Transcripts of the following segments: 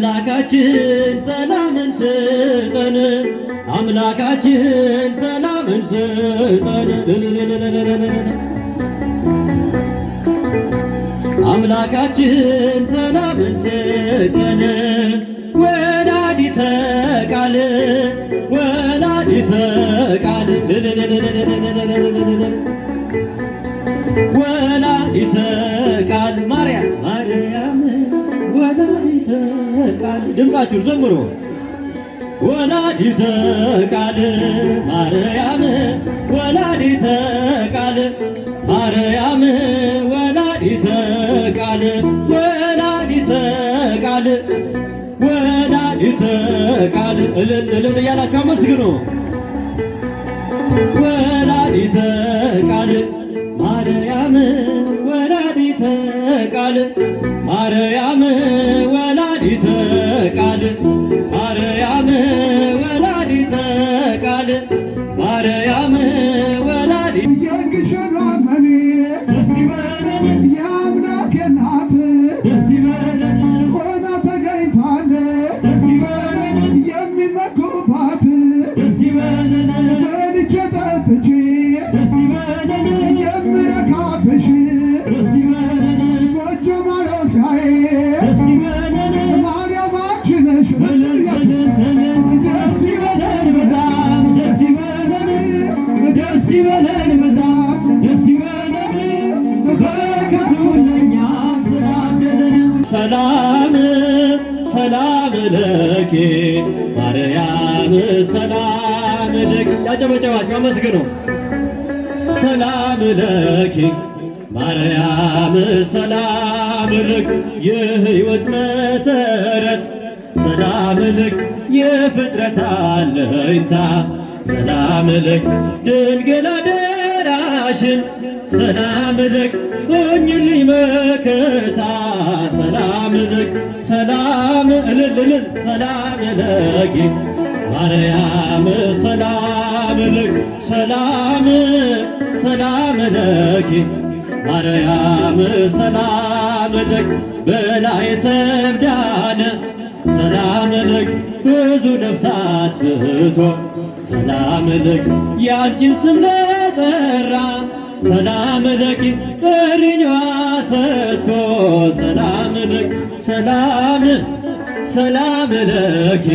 አምላካችን ሰላምን ስጠን፣ አምላካችን ሰላምን ስጠን፣ አምላካችን ሰላምን ስጠን። ወላዲተ ቃል ወላዲተ ቃል ድምፃችሁ ዘምሩ። ወላዲተ ቃል ማርያም ወላዲተ ቃል ማርያም ወላዲተ ቃል ወላዲተ ቃል ወላዲተ ቃል እልል እልል እያላችሁ አመስግኑ። ወላዲተ ቃል ማርያም ወላዲተ ቃል ማርያም ወላዲተ Yeah. አጨበጨባችሁ አመስግኑ። ሰላም ለኪ ማርያም ሰላም ልክ የህይወት መሰረት ሰላም ልክ የፍጥረት አለኝታ ሰላም ልክ ድንግል አደራሽን ሰላም ልክ ሆኝልኝ መከታ ሰላም ልክ ሰላም እልልልል ሰላም ለኪ ማርያም ሰላም ልክ ሰላም ሰላም ለኪ ማርያም ሰላም ልክ በላይ ሰብዳነ ሰላም ልክ ብዙ ነፍሳት ፍቶ ሰላም ልክ ያንቺን ስም ለጠራ ሰላም ለኪ ጥሪዋ ሰጥቶ ሰላም ልክ ሰላም ሰላም ለኪ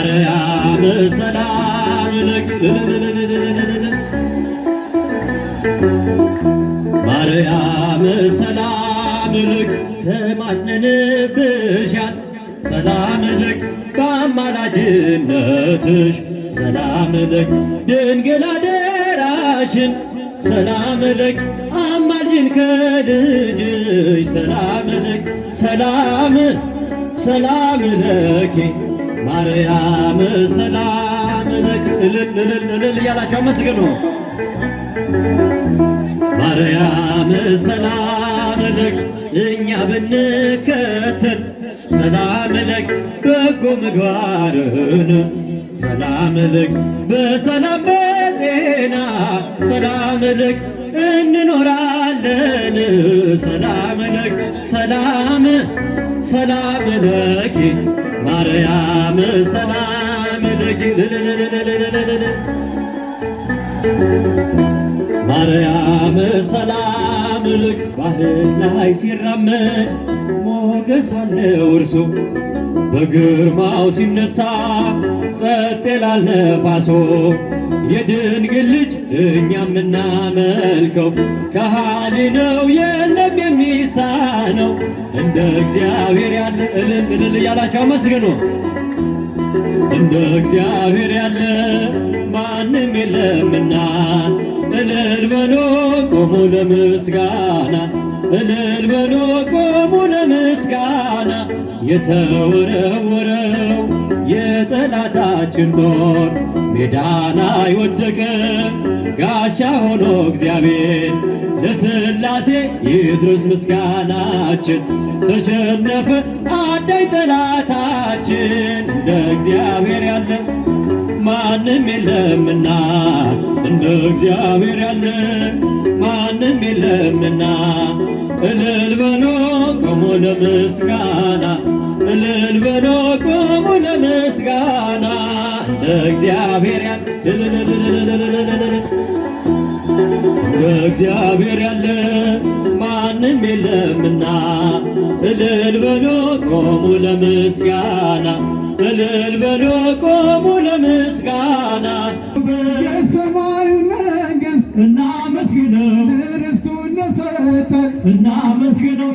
ማርያም ሰላም ይለክ ማርያም ሰላም ይልክ ተማጽነንብሻል ሰላም ይልክ በአማላጅነትሽ ሰላም ይልክ ድንግል አደራሽን ሰላም ልክ አማልጅን ከልጅሽ ሰላም ልክ ሰላም ሰላም ልኬ ማርያም ሰላም ለክ እልል እልል እያላችሁ አመስግኑ። ማርያም ሰላም ለክ እኛ ብንከተል ሰላም ለክ በጎ ምግባርን ሰላም ለክ በሰላም በጤና ሰላም ለክ እንኖራለን ሰላም ለክ ሰላም ሰላም ለኪ ማርያም ሰላም ለኪ ማርያም ሰላም ልክ ባህል ላይ ሲራመድ ሞገስ አለው እርሱ በግርማው ሲነሳ ጸጥ ይላል የድንግል ልጅ እኛም የምናመልከው ከሃሊ ነው የለም የሚሳነው እንደ እግዚአብሔር ያለ እልል እልል እያላቸው መስግኖ እንደ እግዚአብሔር ያለ ማንም የለምና እልል በሎ ቆሙ ለምስጋና እልል በሎ ቆሞ ለምስጋና የተወረወረው የጠላታችን ጦር የዳና ይወደቀ ጋሻ ሆኖ እግዚአብሔር ለስላሴ ይድረስ ምስጋናችን። ተሸነፈ አዳኝ ጠላታችን። እንደ እግዚአብሔር ያለ ማንም የለምና እንደ እግዚአብሔር ያለ ማንም የለምና እልል በሎ ቆሞ ለምስጋና እልል በሎ ቁሙ ለምስጋና እንደ እግዚአብሔር ያለ በእግዚአብሔር ያለ ማንም የለምና እልል በሎ ቁሙ ለምስጋና እልል በሎ ቁሙ ለምስጋና የሰማዩ መንግሥት እናመስግነው ርስቱን ለሰጠን እናመስግነው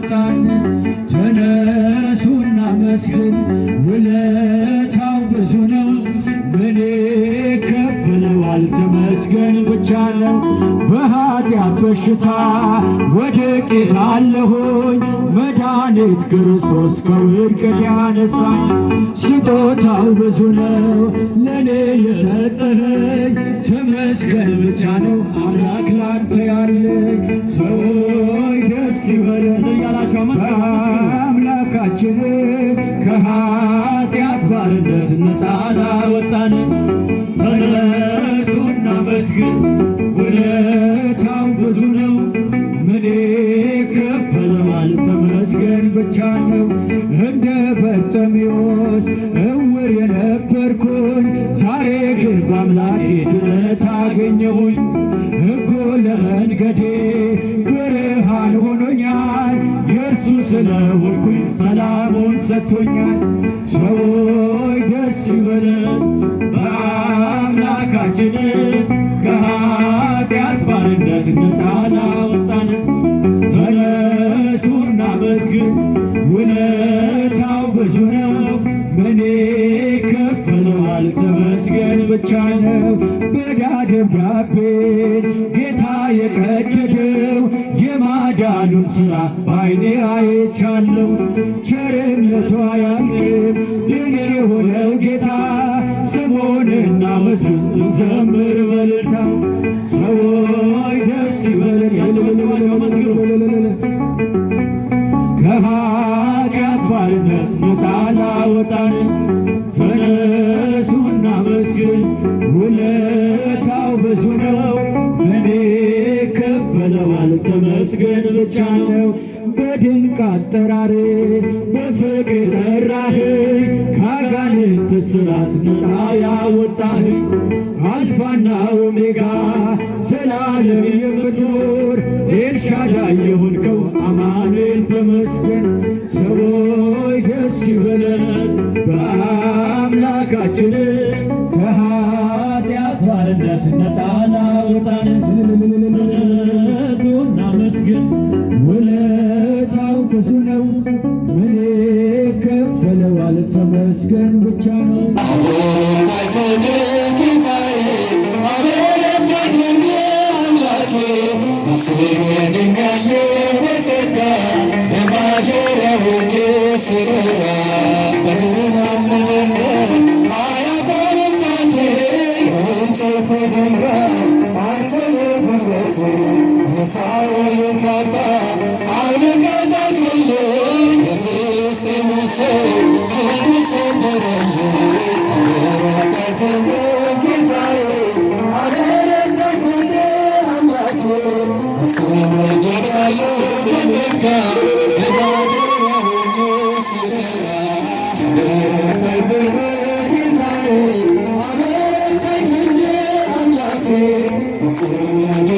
ያወጣን ተነሱና መስግን ውለታው ብዙ ነው ምን ይከፍለዋል ተመስገን ብቻ ነው በኃጢአት በሽታ ወድቄ ሳለሁኝ መድኃኒት ክርስቶስ ከውድቀት ያነሳኝ። ስጦታው ብዙ ነው ለእኔ የሰጠኸኝ፣ ተመስገን ብቻ ነው አምላክ ላንተ ያለኝ። ሰዎች ደስ ይበለን እያላቸው አምላካችን ከኃጢአት ባርነት ነፃ ተነሱና መስግን አይቻለሁ እንደ በርጤሜዎስ እውር የነበርኩኝ ዛሬ ግን በአምላኬ ድነት አገኘሁኝ። ሕጉ ለመንገዴ ብርሃን ሆኖኛል፣ የእርሱ ስለሆንኩኝ ሰላሙን ሰጥቶኛል። ወድጃለሁ በድንቅ አጠራር በፍቅር የጠራህ ከአጋንንት ስራት ነፃ ያወጣህ አልፋና ኦሜጋ ዘላለም የምትኖር ኤልሻዳይ የሆንከው አማኑኤል ተመስገን። ሰዎች ደስ ይበለን today. see me.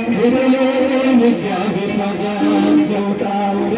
እግዚአብሔር ታዛብ ተውቃ ወደ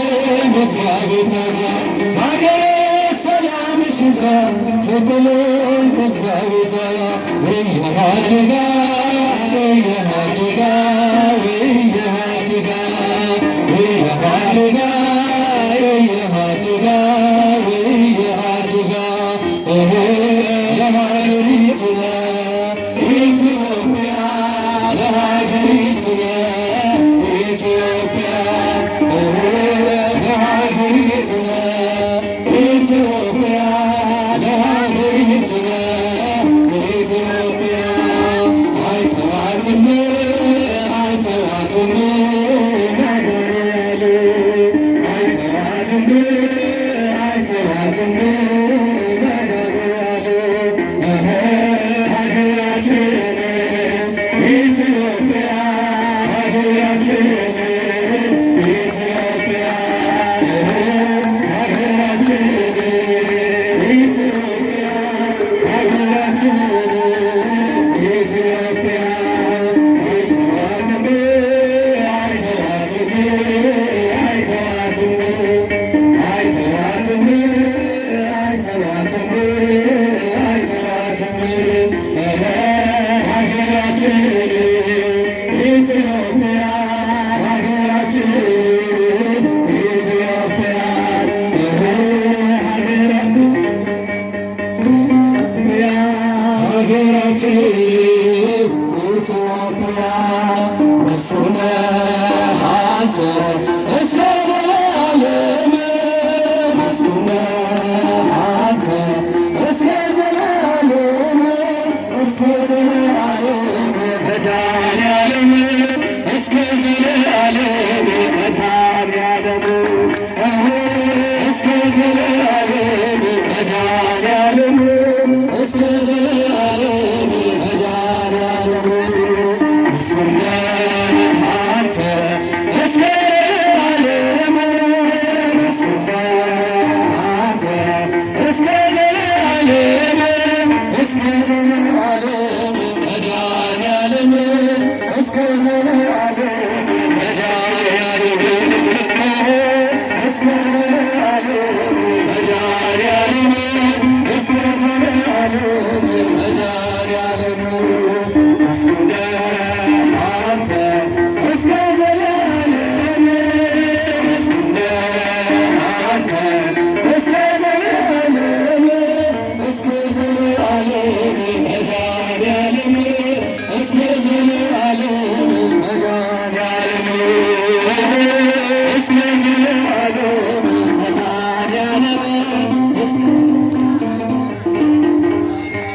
زاويتها ما قري سلام شزا تبلي بالزاويتها ويا هاتها ويا هاتها ويا هاتها ويا هاتها